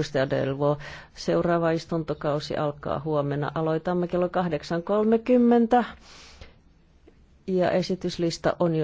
Krista Delvo. Seuraava istuntokausi alkaa huomenna. Aloitamme kello 8.30 ja esityslista on jo